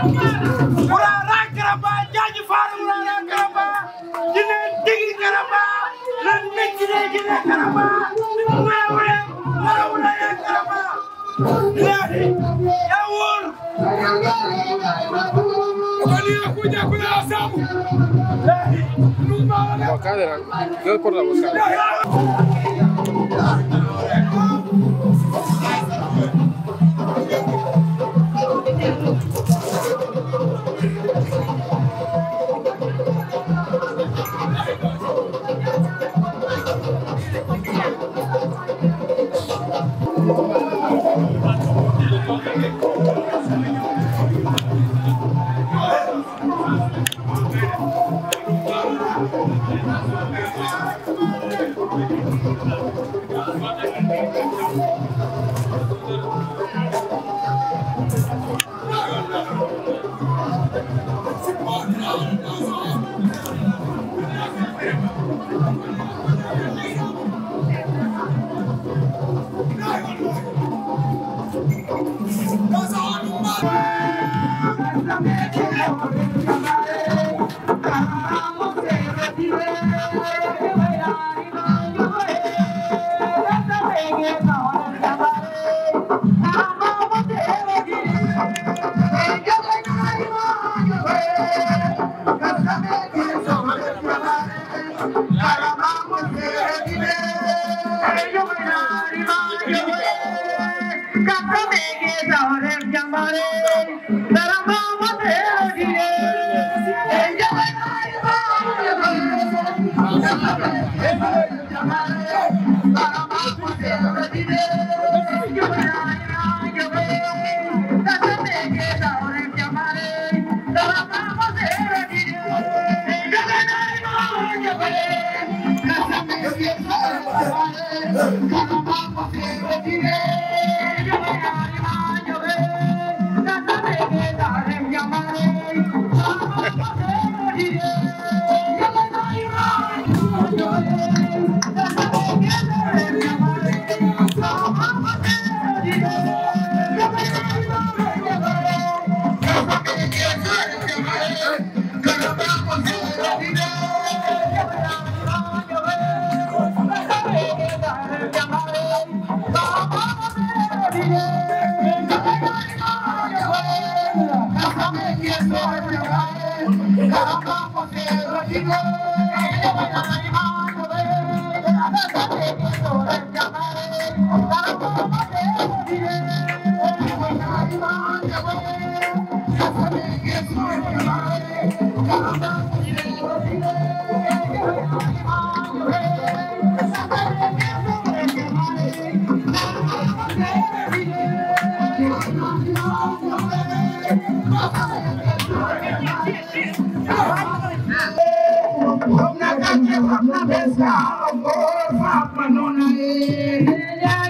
wurare Karamba jaaji faare wurare Karamba jine digi Karamba len meccine jine Karamba mawre wara wurare Karamba ilahi ya wur Kaliya kuja kuna asabu. Kwa kadera, kwa porta bosa. nga Amor, Fatma, Nona, Nona,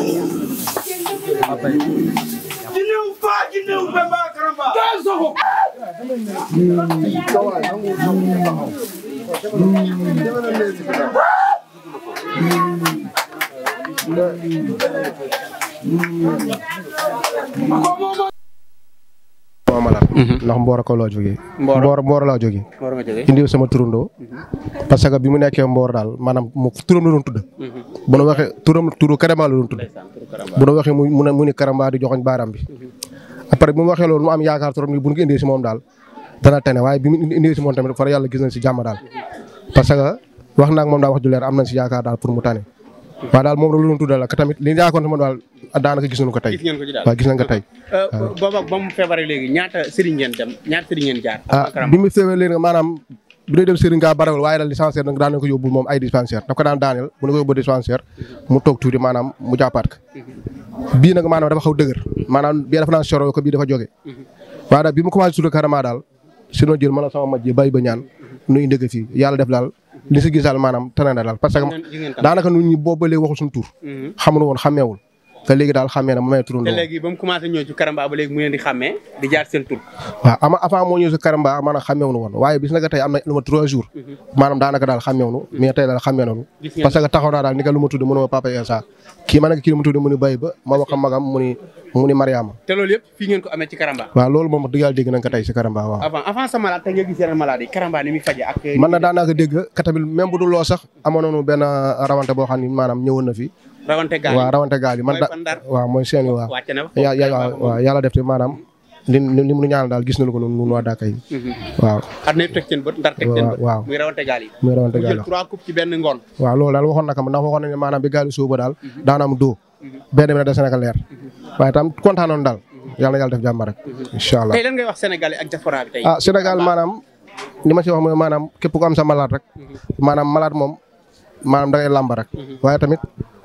Jinin fa jinin bai ba karamba. Ta zaho. Kawai. Komo sama malade. Mhm. ndax Mboro ko laa jógee. Mboro Mboro laa a Mboro nga jógee indi sama turandoo. Mhm. parce que bi mu nekkee Mboro daal maanaam mu turam la doon tudd. Mhm. bu nu waxee turam turu Karamba la doon tudd. bu nu waxee mu ne mu ne Karamba di joxoñ baaraam bi. après bi mu waxee loolu mu am yaakaar trop ni bu ñu ko si moom daal dana tene waaye bi mu indee si moom tamit far yàlla gis nañ si jàmm daal. parce que wax naa ak moom daal wax ju am nañ si yaakaar daal pour mu tane. waaw daal moom la doon tuddal ak tamit li ñu yaakaaroon sama ko tey. gis ngeen a ci daal waaw gis nañ ko tey. Euh, booba ba mu feebaree léegi ñaata sëriñ ah, bi mu maanaam bu dee dem sëriñ gaa barawal waaye daal dispensaire nag daan na ko yóbbul moom ay dispensaire daf ko daan daaneel bu ñu ko yóbbu dispensaire mu toog tuuti maanaam mu jàppaat ko. bii nag maanaam dafa xaw dëgër maanaam bii dafa naan soroo ko bii dafa jóge. waaye daal bi mu commencé tudd karama daal si noo jël man sama maj yi bàyyi ba ñaan nuy ndëgg daal li si gisal maanaam tane na daal parce que daanaka ñun ñi boobalee waxul xa tur mm-hmm. xamul woon xameewul te léegi daal xàmmee na ma may turandoo. te léegi ba ama avant moo ñëw si karamba maanaam am na lu ma trois jours. Mhm. maanaam daanaka daal xàmmeewuñu mhm. mais tey daal xàmmee nañu. parce que taxaw naa daal ni ka lu ma tudd mënuma papa Insa kii ma nag kii lu ma bu dul loo sax amoon nañu benn rawante boo xam ni maanaam ñëwoon na fi waa gaal waaw rawante gaal yi man da waaw mooy seen waaw waaw yàlla def te maanaam li mu ñaanal daal gis nañu ko noonu waa Dakar yi mhm. waaw xar nañu teg seen bët benn ngoon waaw loolu daal waxoon na ko ndax waxoon na ne maanaam bi gaal yi suuba daal mhm. daanaam doo mhm. benn bi ne da Sénégal leer waaye tam kontaanoon daal yàlla yàlla def jàmm rek incha allah tey lan ngay wax Sénégal ak ah, diaspora maanaam li ma ci wax mooy maanaam képp ku am sa malade rek maanaam malade moom maanaam da ngay rek waaye tamit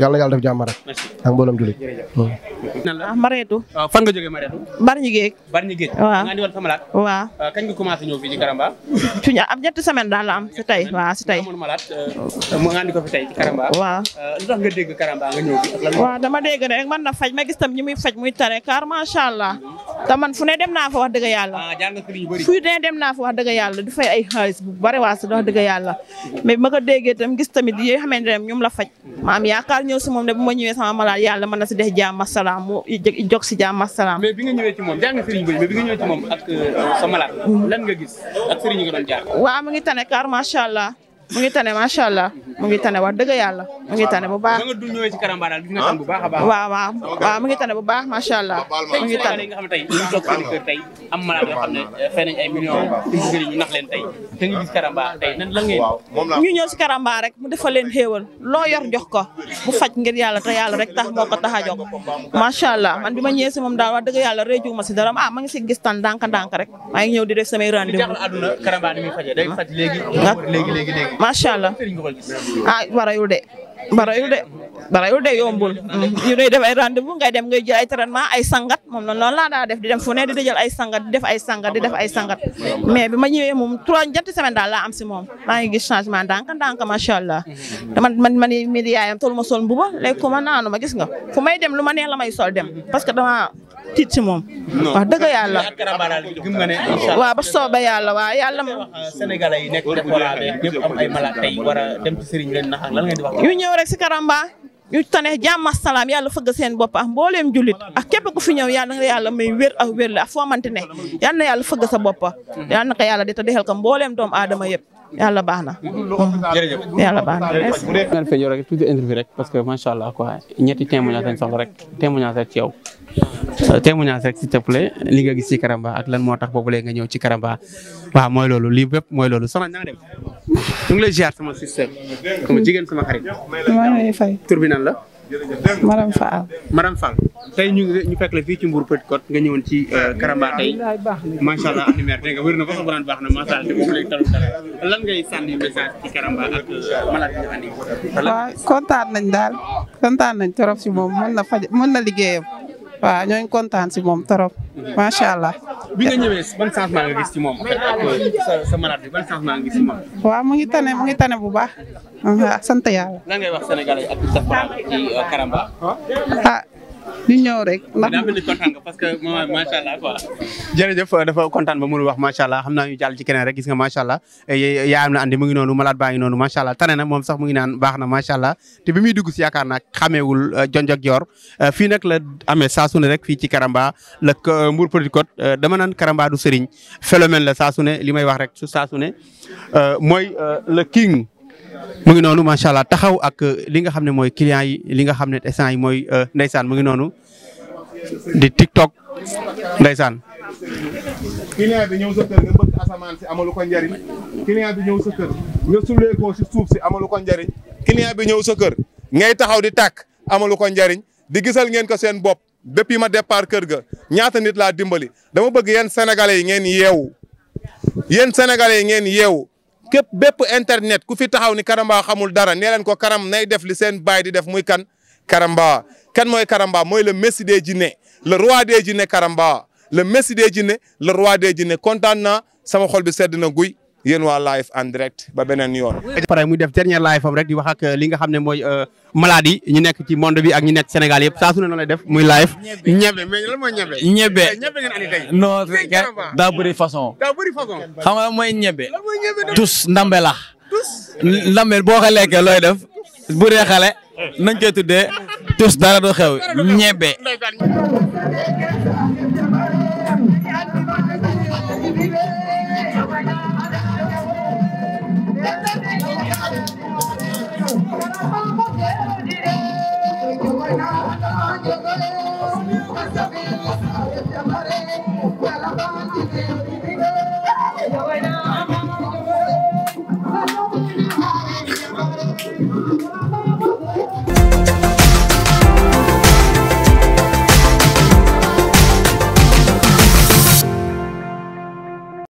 yàlla yàlla def jàmm rek. ak mboolem jullit. Hmm. ah Marietou. Ah, fan nga jógee Marietou. Bargny Géej. Bargny Géej. waaw nga di woon fa malade. waaw ah, kañ nga commencé ah, la am si tey waaw si tey. amoon a mu andi ko fi tey ci Karamba. waaw lu tax nga dégg Karamba nga ñëw fii. waaw dama dégg man na faj ma gis tam ñi faj muy tare car macha allah. te fu ne dem naa fa wax dëgg yàlla. fu ne dem naa fa wax yàlla di fay ay xaalis bu bari waa si wax dëgg yàlla mais ma ko déggee tam gis tamit yi nga xamante la faj ma yaakaar ñëw si moom ne bu ma ñëwee sama malade yàlla mën na si def jàmm ak salaam mu jog si jàmm ak salaam. bi nga ñëwee ci moom jaar nga euh, lan nga gis ak sëriñ nga doon jaar. waaw mu ngi tane mu ngi tane macha allah mu ngi tane wax dëgg yàlla mu ngi tane bu baax. nga dul ñëwee ci karamba daal tane bu baax a baax. waaw waaw waaw mu ngi tane bu baax macha allah. mu ngi tane nga xam ne tey eh, ñu am malade yoo xam ne fay nañ ay gis karamba tey nan la ngeen. ñu ñëw si karamba rek mu defal leen xéewal loo yor jox ko bu faj ngir yàlla te yàlla rek tax moo ko tax a jox macha allah man bi ma ñëwee si moom daal wax dëgg yàlla réeju ma si dara ah ma ngi si gis tan ndànk ndànk rek maa ngi ñëw di def samay rendez-vous macha allah ah barayul de barayul de de yombul. Mm. ñu de def ay rendez-vous ngay dem ngay jël ay traitement ay sangat moom noonu laa daa def di dem fu ne di jël ay sangat di def ay sangat di def ay sangat mais bi ma ñëwee moom trois ñetti semaine daal laa am si moom maa ngi gis changement ndànk ndànk macha allah. dama man man mii di yaayam tollu ma sol mbuba léegi ku ma naanu ma gis nga fu may dem lu ma neex la may sol dem parce que tiit si moom. wax dëgg yàlla. waaw ba sooba yàlla waaw yàlla moom. Euh, sénégalais yi nekk Dakola beeg ñëpp am ay malade tey war a dem ci sëriñ leen naxal lan ngeen di wax. ñëw rek si karamba ñu tane jàmm ak salaam yàlla fëgg seen bopp ak mbooleem jullit ak ku fi ñëw yàlla na yàlla may wér ak wér la ak foo mante ne yàlla na yàlla fëgg sa bopp. yàlla na ko yàlla di ta dexal ko mbooleem doomu aadama yëpp yàlla baax na. jërëjëf yàlla baax na merci. nga fee yow rek tuuti interview rek parce que macha allah quoi ñetti témoignage lañ soxla rek témoignage rek Euh, témoignage rek s'il te plaît li nga gis ci Karamba ak lan moo tax boobu léegi nga ñëw ci Karamba waaw mooy loolu lii bépp mooy loolu soxna na nga dem ñu ngi lay ziar sama sister comme jigéen sama la. Maram Fall. Maram Fall tey ñu ñu fekk fii ci Mbour Petite Côte nga ñëwoon ci euh, Karamba tey macha allah animaire ba sax baax na macha allah te boobu léegi talu dara lan ngay sànni message ci Karamba ak euh, malade ñu moom na faj waa ñoo ngi kontaan si moom trop macha allah. bi changement nga gis ci moom sa sa malade bi ban mu ngi tane mu ngi tane bu baax. sant yàlla. lan ngay wax sénégalais ñu ñëw rek ndax. daa mel kontaan nga parce jërëjëf dafa kontaan ba mënul wax macha allah xam naa ñu jàll ci keneen rek gis nga macha allah eh, yaayam la andi mu ngi noonu malaat baa ngi noonu macha allah tane na moom sax mu ngi naan baax na macha allah te bi muy dugg si yaakaar naa xameewul eh, jonjog yor eh, fii nag la amee saa su rek fii ci Karamba la mbur Petite Côte dama naan Karamba du sëriñ phénomène la saa su li may wax rek su saa su ne mooy le king. mu ngi noonu macha allah taxaw ak euh, li nga xam ne mooy clients yi li nga xam ne essan yi mooy euh, ndeysaan mu ngi noonu di TikTok ndeysaan. client bi ñëw sa kër nga si amalu ko njariñ nga sulee si suuf si amalu ko njariñ client bi ñëw sa kër ngay taxaw di tàkk amalu ko njariñ di gisal ngeen ko seen bopp depuis ma depart kër ga ñaata nit laa dimbali dama bëgg yéen sénégalais yi ngeen yeewu yéen sénégalais yi ngeen yeewu képp bépp internet ku fi taxaw ni Karamba xamul dara nee leen ko karam nay def li seen baay di def muy kan Karamba kan mooy Karamba mooy la messi de jinne le roi des djinns Karamba le messi des djinns le roi des djinns kontaan naa sama xol bi sedd na guy yéen waa live en direct ba beneen yoon. pare muy def rek li nga xam ne mooy euh, malade yi ñu nekk ci monde bi ak ñu nekk Sénégal yëpp saa su ne noonu lay def muy live. ñebe mais lan mooy ñebe. ñebe façon. daa mooy ñebe. lan ndambe la. ndambe boo ko lekkee looy def bu dee xale nañ dara du xew ñebe.